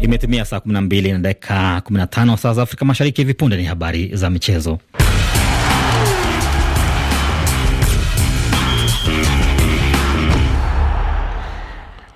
Imetimia saa 12 na dakika 15 saa za Afrika Mashariki. Hivi punde ni habari za michezo.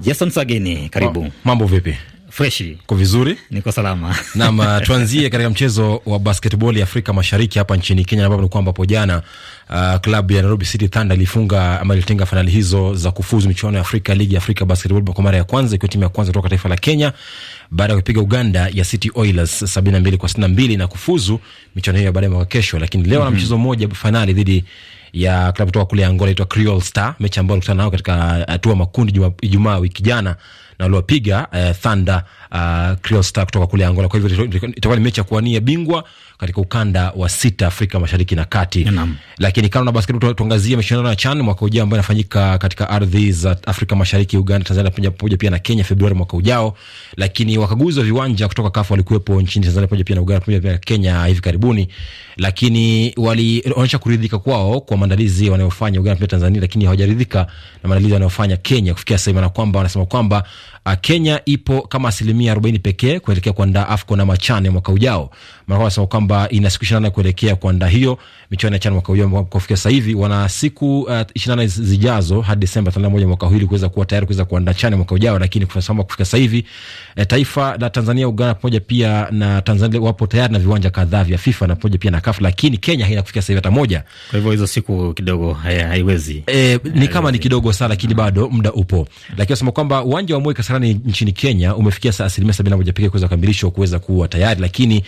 Jason Sageni, karibu. Mambo vipi? freshi, uko vizuri? Niko salama. Naam, uh, tuanzie katika mchezo wa basketball ya Afrika Mashariki hapa nchini Kenya, ambapo ni kwamba hapo jana uh, klabu ya Nairobi City Thunder ilifunga ama ilitinga fainali hizo za kufuzu michuano ya Afrika ligi ya Afrika basketball kwa mara ya kwanza, ikiwa timu ya kwanza kutoka taifa la Kenya baada ya kupiga Uganda ya City Oilers 72 kwa 62 na kufuzu michuano hiyo baadaye mwaka kesho, lakini leo mm -hmm. na mhm. mchezo mmoja fainali dhidi ya klabu kutoka kule Angola inaitwa Creole Star, mechi ambayo alikutana nao katika uh, hatua makundi Ijumaa wiki jana na waliwapiga uh, Thunder uh, ah, Cleostar kutoka kule Angola. Kwa hivyo itakuwa ni mechi ya kuwania bingwa katika ukanda wa sita Afrika Mashariki na Kati. Naam. Lakini kando na basketball, tuangazie mashindano ya CHAN mwaka ujao ambayo inafanyika katika ardhi za Afrika Mashariki, Uganda, Tanzania pamoja pia na Kenya Februari mwaka ujao. Lakini wakaguzi wa viwanja kutoka KAFU walikuwepo nchini Tanzania pamoja pia na Uganda pamoja pia na Kenya hivi karibuni, lakini walionyesha kuridhika kwao kwa maandalizi wanayofanya Uganda pamoja na Tanzania, lakini hawajaridhika na maandalizi wanayofanya Kenya kufikia sasa, na kwamba wanasema kwamba Kenya ipo kama asilimia 40 pekee kuelekea kuandaa AFCON na machane mwaka ujao. Morocco wanasema kwamba inasiku nane kuelekea kuandaa hiyo michuano ya CHAN mwaka huu, kufikia sasa hivi wana siku uh, ishirini na nane zijazo hadi Desemba thelathini na moja mwaka huu ili kuweza kuwa tayari kuweza kuandaa CHAN mwaka ujao. Lakini kwa kufika sasa hivi eh, taifa la Tanzania, Uganda pamoja pia na Tanzania wapo tayari na viwanja kadhaa vya FIFA na pamoja pia na CAF, lakini Kenya haina kufikia sasa hivi hata moja. Kwa hivyo hizo siku kidogo haya, haiwezi e, ni kama ni kidogo sana, lakini mm. bado muda upo, lakini wasema kwamba uwanja wa Moi Kasarani nchini Kenya umefikia asilimia sabini na moja pekee kuweza kukamilishwa kuweza kuwa tayari, lakini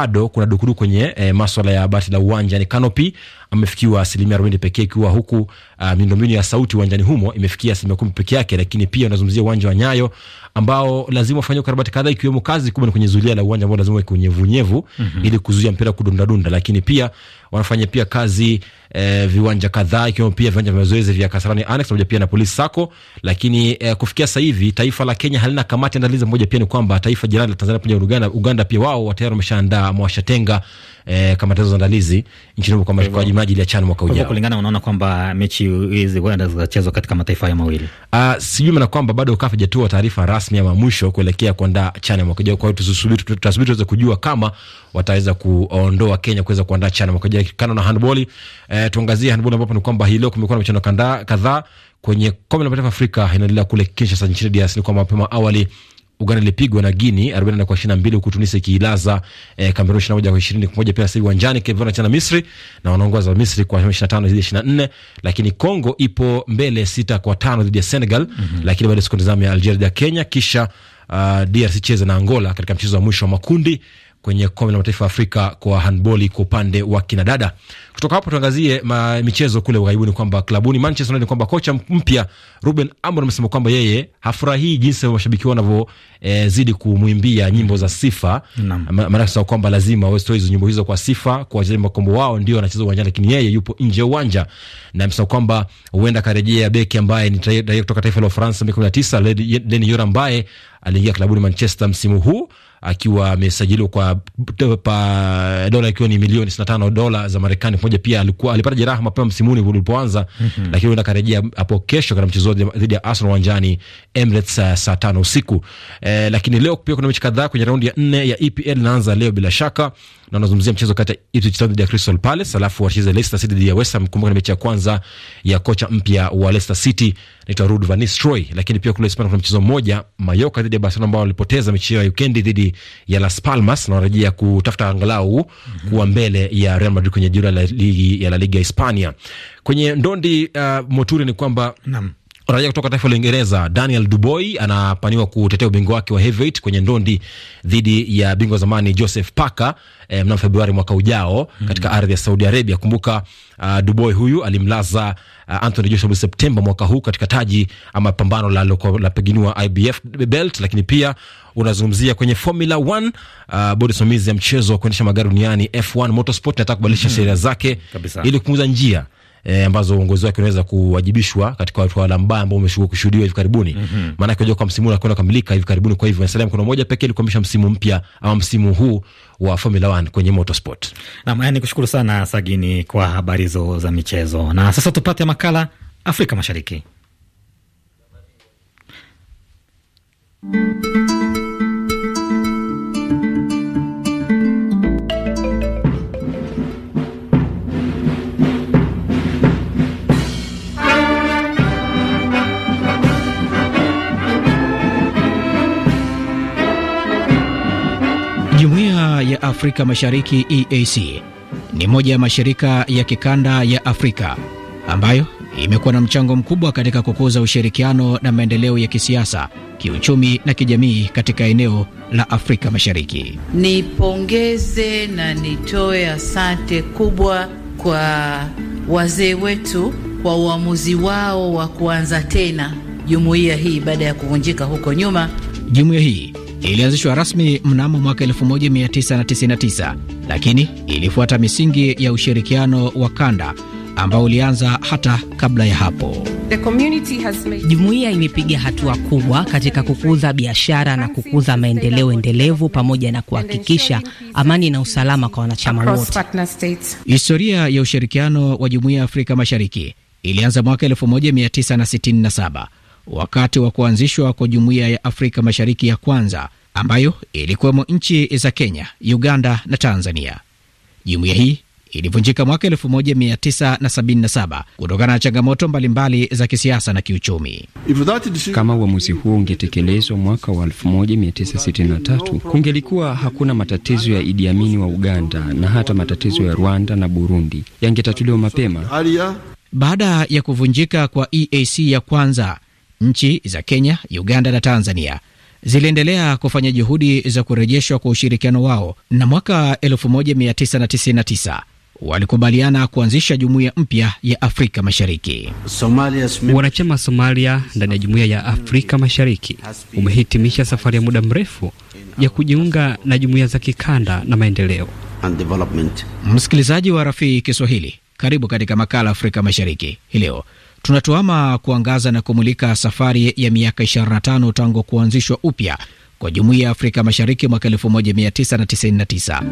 bado kuna dukudu kwenye eh, maswala ya bati la uwanja ni Kanopi amefikiwa asilimia arobaini pekee, ikiwa huku ah, miundombinu ya sauti uwanjani humo imefikia asilimia kumi peke yake. Lakini pia unazungumzia uwanja wa Nyayo ambao lazima ufanyia ukarabati kadhaa, ikiwemo kazi kubwa kwenye zulia la uwanja ambao lazima weke unyevunyevu mm -hmm. ili kuzuia mpira kudundadunda, lakini pia wanafanya pia kazi eh, viwanja kadhaa ikiwemo pia viwanja vya mazoezi vya Kasarani Annex pamoja pia na polisi sako. Lakini eh, kufikia sasa hivi taifa la Kenya halina kamati andalizi moja. Pia ni kwamba taifa jirani la Tanzania pamoja na Uganda, Uganda pia wao tayari wameshaandaa E, kama kamati za andalizi nchini huko kwa ajili ya CHAN mwaka ujao. Kulingana unaona kwamba mechi hizi huenda zitachezwa katika mataifa hayo mawili. Ah, sijui maana kwamba bado CAF hajatoa taarifa rasmi ama mwisho kuelekea kuandaa CHAN mwaka ujao. Kwa hiyo tusubiri tutasubiri tuweze kujua kama wataweza kuondoa Kenya kuweza kuandaa CHAN mwaka ujao. Kana na handball eh, E, tuangazie handball ambapo ni kwamba hii leo kumekuwa na michezo kadhaa kwenye kombe la mataifa Afrika inaendelea kule Kinshasa nchini DRC. Ni kwamba mapema awali Uganda ilipigwa na Gini 44 kwa 22 huku Tunisia ikiilaza eh, Kamerun 21 kwa 20 kwa moja. Pia sasa uwanjani Cape Verde na Misri na wanaongoza Misri kwa 25 dhidi ya 24, lakini Kongo ipo mbele 6 kwa 5 dhidi ya Senegal, mm -hmm. lakini baada ya sekunde zamu ya Algeria ya Kenya, kisha uh, ah, DRC cheza na Angola katika mchezo wa mwisho wa makundi kwenye kombe la mataifa ya Afrika kwa handboli kwa upande wa kinadada. Kutoka hapo tuangazie michezo kule ughaibuni, kwamba klabuni Manchester United, kwamba kocha mpya Ruben Amorim amesema kwamba yeye hafurahii jinsi mashabiki wanavyozidi eh, e, kumwimbia nyimbo za sifa, maanake sema kwamba lazima wasitoe hizo nyimbo hizo kwa sifa kwa wachezaji makombo wao, ndio anacheza uwanjani, lakini yeye yupo nje ya uwanja, na amesema kwamba huenda akarejea beki ambaye ni raia kutoka taifa la Ufaransa miaka kumi na tisa Leny Yoro ambaye aliingia klabuni Manchester msimu huu akiwa amesajiliwa kwa dola ikiwa ni milioni sitini na tano dola za Marekani pamoja. Pia alikuwa alipata jeraha mapema msimuni ulipoanza, mm -hmm. lakini huenda akarejea hapo kesho katika mchezo dhidi ya Arsenal uwanjani Emirates eh, saa tano usiku E, lakini leo pia kuna mechi kadhaa kwenye raundi ya nne ya EPL inaanza leo bila shaka na unazungumzia mchezo kati ya Ipswich Town dhidi ya Crystal Palace, alafu wacheze Leicester City dhidi ya West Ham. Kumbuka ni mechi ya kwanza ya kocha mpya wa Leicester City naitwa Ruud van Nistelrooy. Lakini pia kule Hispania kuna mchezo mmoja Mallorca dhidi ya Barcelona ambao walipoteza mechi yao ya wikendi dhidi ya Las Palmas na wanarejea kutafuta angalau mm -hmm. kuwa mbele ya Real Madrid kwenye jura la ligi ya La Liga Hispania. Kwenye ndondi uh, moturi ni kwamba Nam. Raia kutoka taifa la Uingereza Daniel Duboy anapaniwa kutetea ubingwa wake wa heavyweight kwenye ndondi dhidi ya bingwa zamani Joseph Parker eh, mnamo Februari mwaka ujao mhm. katika mm. ardhi ya Saudi Arabia. Kumbuka uh, Duboy huyu alimlaza uh, Anthony Joshua mwezi Septemba mwaka huu katika taji ama pambano la peginua IBF belt, lakini pia unazungumzia kwenye Formula 1 uh, bodi simamizi ya mchezo wa kuendesha magari duniani F1 Motorsport nataka kubadilisha mm, sheria zake kabisa, ili kupunguza njia Eh, ambazo uongozi wake unaweza kuwajibishwa katika utawala mbaya ambao umeshuhudiwa hivi karibuni. mm -hmm. kwa msimu unakwenda kukamilika hivi karibuni, kwa hivyo Dar mkono kuna moja pekee ilikuamisha msimu mpya ama msimu huu wa Formula 1 kwenye motorsport. Naam, ni kushukuru sana Sagini kwa habari hizo za michezo, na sasa tupate makala Afrika Mashariki. ya Afrika Mashariki EAC ni moja ya mashirika ya kikanda ya Afrika ambayo imekuwa na mchango mkubwa katika kukuza ushirikiano na maendeleo ya kisiasa, kiuchumi na kijamii katika eneo la Afrika Mashariki. Nipongeze na nitoe asante kubwa kwa wazee wetu kwa uamuzi wao wa kuanza tena jumuiya hii baada ya kuvunjika huko nyuma. Jumuiya hii ilianzishwa rasmi mnamo mwaka 1999 lakini ilifuata misingi ya ushirikiano wa kanda ambao ulianza hata kabla ya hapo. Made... Jumuiya imepiga hatua kubwa katika kukuza biashara na kukuza maendeleo endelevu pamoja na kuhakikisha amani na usalama kwa wanachama wote. Historia ya ushirikiano wa Jumuiya ya Afrika Mashariki ilianza mwaka 1967 wakati wa kuanzishwa kwa Jumuiya ya Afrika Mashariki ya kwanza ambayo ilikuwemo nchi za Kenya, Uganda na Tanzania. Jumuiya hii ilivunjika mwaka 1977 kutokana na changamoto mbalimbali za kisiasa na kiuchumi. Kama uamuzi huo ungetekelezwa mwaka wa 1963, kungelikuwa hakuna matatizo ya Idi Amini wa Uganda na hata matatizo ya Rwanda na Burundi yangetatuliwa mapema. Baada ya kuvunjika kwa EAC ya kwanza nchi za Kenya, Uganda na Tanzania ziliendelea kufanya juhudi za kurejeshwa kwa ushirikiano wao, na mwaka 1999 walikubaliana kuanzisha jumuiya mpya ya Afrika Mashariki. Wanachama Somalia ndani ya jumuiya ya Afrika Mashariki umehitimisha safari ya muda mrefu ya kujiunga na jumuiya za kikanda na maendeleo. Msikilizaji wa rafii Kiswahili, karibu katika makala Afrika Mashariki hii leo tunatuama kuangaza na kumulika safari ya miaka 25 tangu kuanzishwa upya kwa Jumuiya ya Afrika Mashariki mwaka 1999.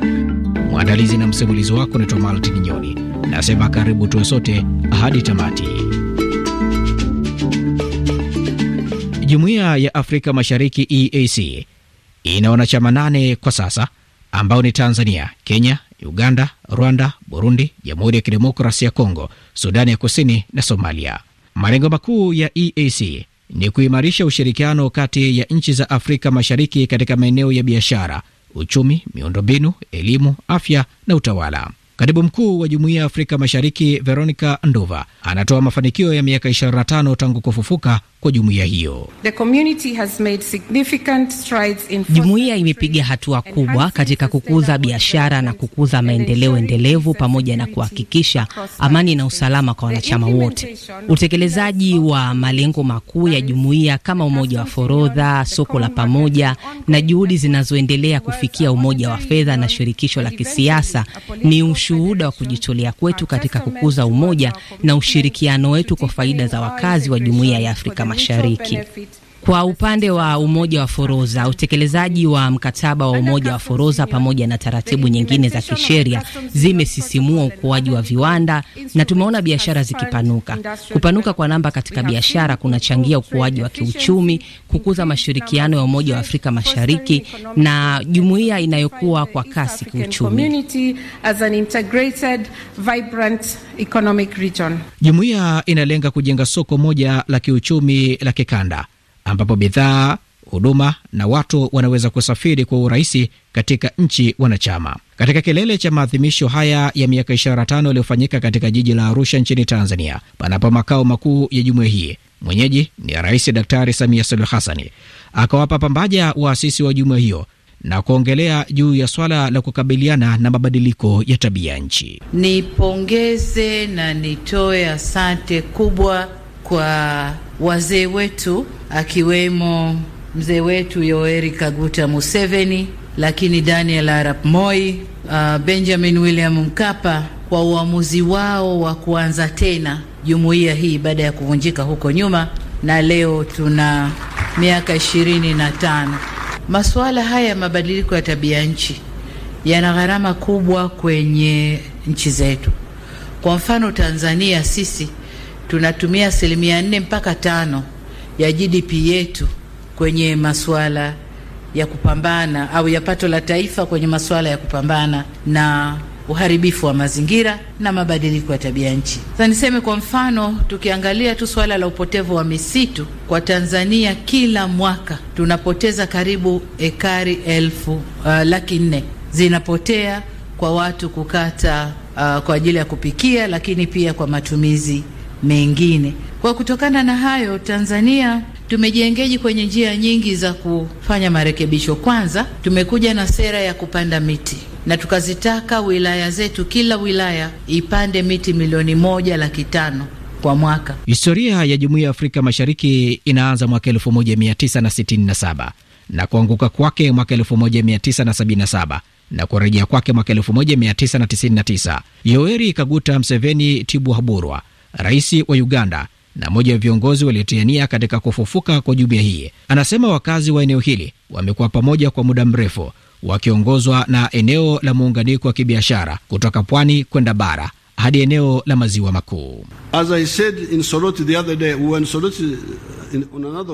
Mwandalizi na msimulizi wako naitwa Maltin Nyoni, nasema karibu tuwe sote hadi tamati. Jumuiya ya Afrika Mashariki EAC ina wanachama nane kwa sasa ambao ni Tanzania, Kenya, Uganda, Rwanda, Burundi, Jamhuri ya Kidemokrasia ya Kongo, Sudani ya Kusini na Somalia. Malengo makuu ya EAC ni kuimarisha ushirikiano kati ya nchi za Afrika Mashariki katika maeneo ya biashara, uchumi, miundombinu, elimu, afya na utawala. Katibu mkuu wa Jumuiya ya Afrika Mashariki Veronica Nduva anatoa mafanikio ya miaka 25 tangu kufufuka kwa jumuiya hiyo. Jumuiya imepiga hatua kubwa katika kukuza biashara na kukuza maendeleo endelevu pamoja na kuhakikisha amani na usalama kwa wanachama wote. Utekelezaji wa malengo makuu ya jumuiya kama umoja wa forodha, soko la pamoja na juhudi zinazoendelea kufikia umoja wa fedha na shirikisho la kisiasa ni ushuhuda wa kujitolea kwetu katika kukuza umoja na ushirikiano wetu kwa faida za wakazi wa jumuiya ya Afrika mashariki. Kwa upande wa Umoja wa Forodha, utekelezaji wa mkataba wa Umoja wa Forodha pamoja na taratibu nyingine za kisheria zimesisimua ukuaji wa viwanda na tumeona biashara zikipanuka. Kupanuka kwa namba katika biashara kunachangia ukuaji wa kiuchumi, kukuza mashirikiano ya Umoja wa Afrika Mashariki na jumuiya inayokuwa kwa kasi kiuchumi. Jumuiya inalenga kujenga soko moja la kiuchumi la kikanda ambapo bidhaa, huduma na watu wanaweza kusafiri kwa urahisi katika nchi wanachama. Katika kilele cha maadhimisho haya ya miaka 25 yaliyofanyika katika jiji la Arusha nchini Tanzania, panapo makao makuu ya jumuiya hii, mwenyeji ni Rais Daktari Samia Suluhu hasani akawapa pambaja waasisi wa, wa jumuiya hiyo na kuongelea juu ya swala la kukabiliana na mabadiliko ya tabia nchi. Nipongeze na nitoe asante kubwa kwa wazee wetu akiwemo mzee wetu Yoweri Kaguta Museveni, lakini Daniel Arap Moi, uh, Benjamin William Mkapa kwa uamuzi wao wa kuanza tena jumuiya hii baada ya kuvunjika huko nyuma, na leo tuna miaka ishirini na tano. Masuala haya ya mabadiliko ya tabia nchi yana gharama kubwa kwenye nchi zetu. Kwa mfano Tanzania, sisi tunatumia asilimia nne mpaka tano ya GDP yetu kwenye masuala ya kupambana au ya pato la taifa kwenye masuala ya kupambana na uharibifu wa mazingira na mabadiliko ya tabia nchi. Sasa niseme kwa mfano, tukiangalia tu suala la upotevu wa misitu kwa Tanzania, kila mwaka tunapoteza karibu ekari elfu uh, laki nne zinapotea kwa watu kukata uh, kwa ajili ya kupikia, lakini pia kwa matumizi mengine. Kwa kutokana na hayo, Tanzania tumejiengeji kwenye njia nyingi za kufanya marekebisho. Kwanza tumekuja na sera ya kupanda miti na tukazitaka wilaya zetu, kila wilaya ipande miti milioni moja laki tano kwa mwaka. Historia ya Jumuiya ya Afrika Mashariki inaanza mwaka 1967 na, na kuanguka kwake mwaka 1977 na kurejea kwake mwaka 1999. Yoweri Kaguta Mseveni Tibu Haburwa rais wa Uganda na mmoja wa viongozi waliotiania katika kufufuka kwa jumuiya hii. Anasema wakazi wa eneo hili wamekuwa pamoja kwa muda mrefu, wakiongozwa na eneo la muunganiko wa kibiashara kutoka pwani kwenda bara hadi eneo la maziwa makuu. As I said in Soroti the other day, Soroti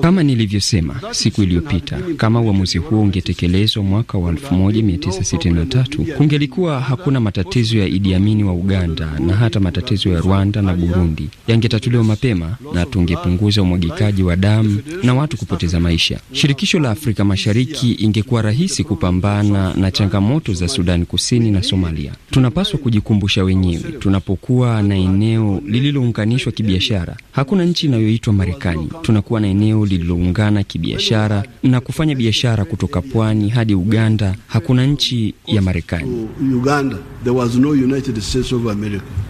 kama nilivyosema siku iliyopita, kama uamuzi huo ungetekelezwa mwaka wa 1963 kungelikuwa hakuna matatizo ya Idi Amini wa Uganda na hata matatizo ya Rwanda na Burundi yangetatuliwa mapema na tungepunguza umwagikaji wa damu na watu kupoteza maisha. Shirikisho la Afrika Mashariki ingekuwa rahisi kupambana na changamoto za Sudani Kusini na Somalia. Tunapaswa kujikumbusha wenyewe, tunapokuwa na eneo lililounganishwa kibiashara, hakuna nchi inayoitwa Marekani. Tunaku kuwa na eneo lililoungana kibiashara na kufanya biashara kutoka pwani hadi Uganda. Hakuna nchi ya Marekani.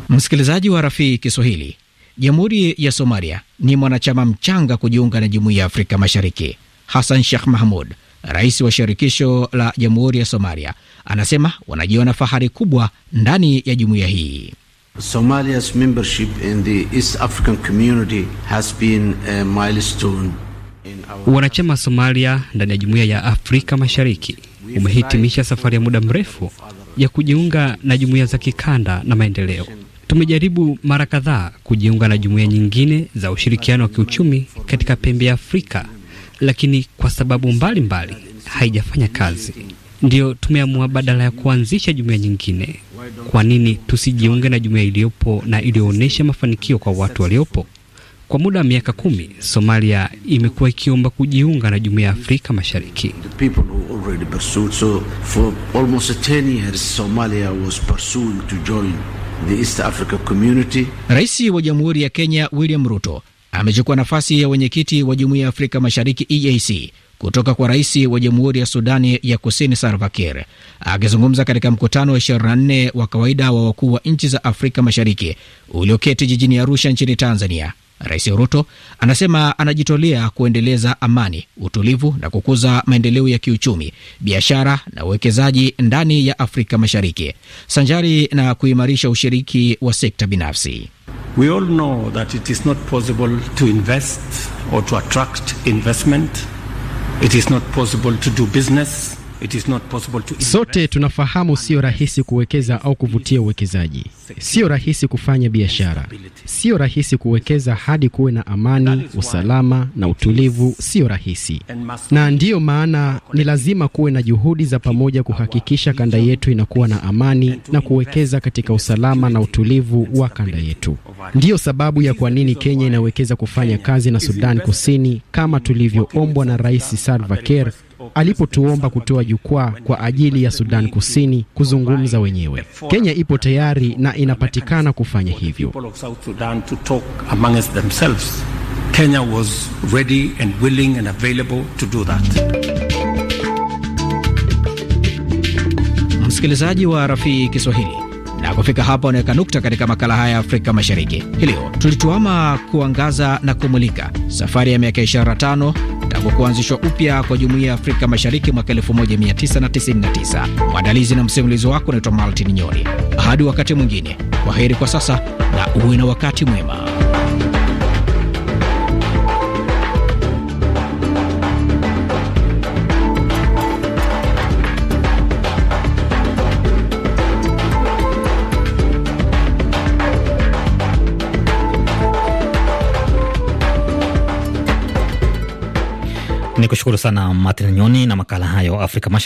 Msikilizaji wa Rafii Kiswahili, Jamhuri ya Somalia ni mwanachama mchanga kujiunga na Jumuiya ya Afrika Mashariki. Hassan Sheikh Mahmud, rais wa shirikisho la Jamhuri ya Somalia, anasema wanajiona fahari kubwa ndani ya jumuiya hii. Somalia's membership in the East African community has been a milestone Wanachama Somalia ndani ya Jumuiya ya Afrika Mashariki umehitimisha safari ya muda mrefu ya kujiunga na jumuiya za kikanda na maendeleo. Tumejaribu mara kadhaa kujiunga na jumuiya nyingine za ushirikiano wa kiuchumi katika pembe ya Afrika, lakini kwa sababu mbalimbali mbali, haijafanya kazi ndio tumeamua badala ya kuanzisha jumuiya nyingine. Kwa nini tusijiunge na jumuiya iliyopo na iliyoonyesha mafanikio kwa watu waliopo? Kwa muda wa miaka kumi, Somalia imekuwa ikiomba kujiunga na jumuiya ya Afrika Mashariki. Rais wa Jamhuri ya Kenya William Ruto amechukua nafasi ya wenyekiti wa Jumuiya ya Afrika Mashariki EAC kutoka kwa rais wa Jamhuri ya Sudani ya Kusini Salva Kiir. Akizungumza katika mkutano wa 24 wa kawaida wa wakuu wa nchi za Afrika Mashariki ulioketi jijini Arusha nchini Tanzania, Rais Ruto anasema anajitolea kuendeleza amani, utulivu na kukuza maendeleo ya kiuchumi, biashara na uwekezaji ndani ya Afrika Mashariki, sanjari na kuimarisha ushiriki wa sekta binafsi. We all know that it is not possible to invest or to attract investment It is not possible to do business Sote tunafahamu sio rahisi kuwekeza au kuvutia uwekezaji, sio rahisi kufanya biashara, sio rahisi kuwekeza hadi kuwe na amani, usalama na utulivu, sio rahisi. Na ndiyo maana ni lazima kuwe na juhudi za pamoja kuhakikisha kanda yetu inakuwa na amani na kuwekeza katika usalama na utulivu wa kanda yetu. Ndiyo sababu ya kwa nini Kenya inawekeza kufanya kazi na Sudan Kusini kama tulivyoombwa na Rais Salva Kiir alipotuomba kutoa jukwaa kwa ajili ya Sudan Kusini kuzungumza wenyewe. Kenya ipo tayari na inapatikana kufanya hivyo. Kenya was ready and willing and available to do that. Msikilizaji wa Rafii Kiswahili, na kufika hapa unaweka nukta katika makala haya ya Afrika Mashariki hii leo. Tulituama kuangaza na kumulika safari ya miaka 25 kwa kuanzishwa upya kwa Jumuiya ya Afrika Mashariki mwaka 1999. Mwandalizi na msimulizi wako unaitwa Martin Nyoni. Hadi wakati mwingine, kwa heri kwa sasa na uwe na wakati mwema. Ni kushukuru sana Martin Nyoni na makala hayo Afrika Mashariki.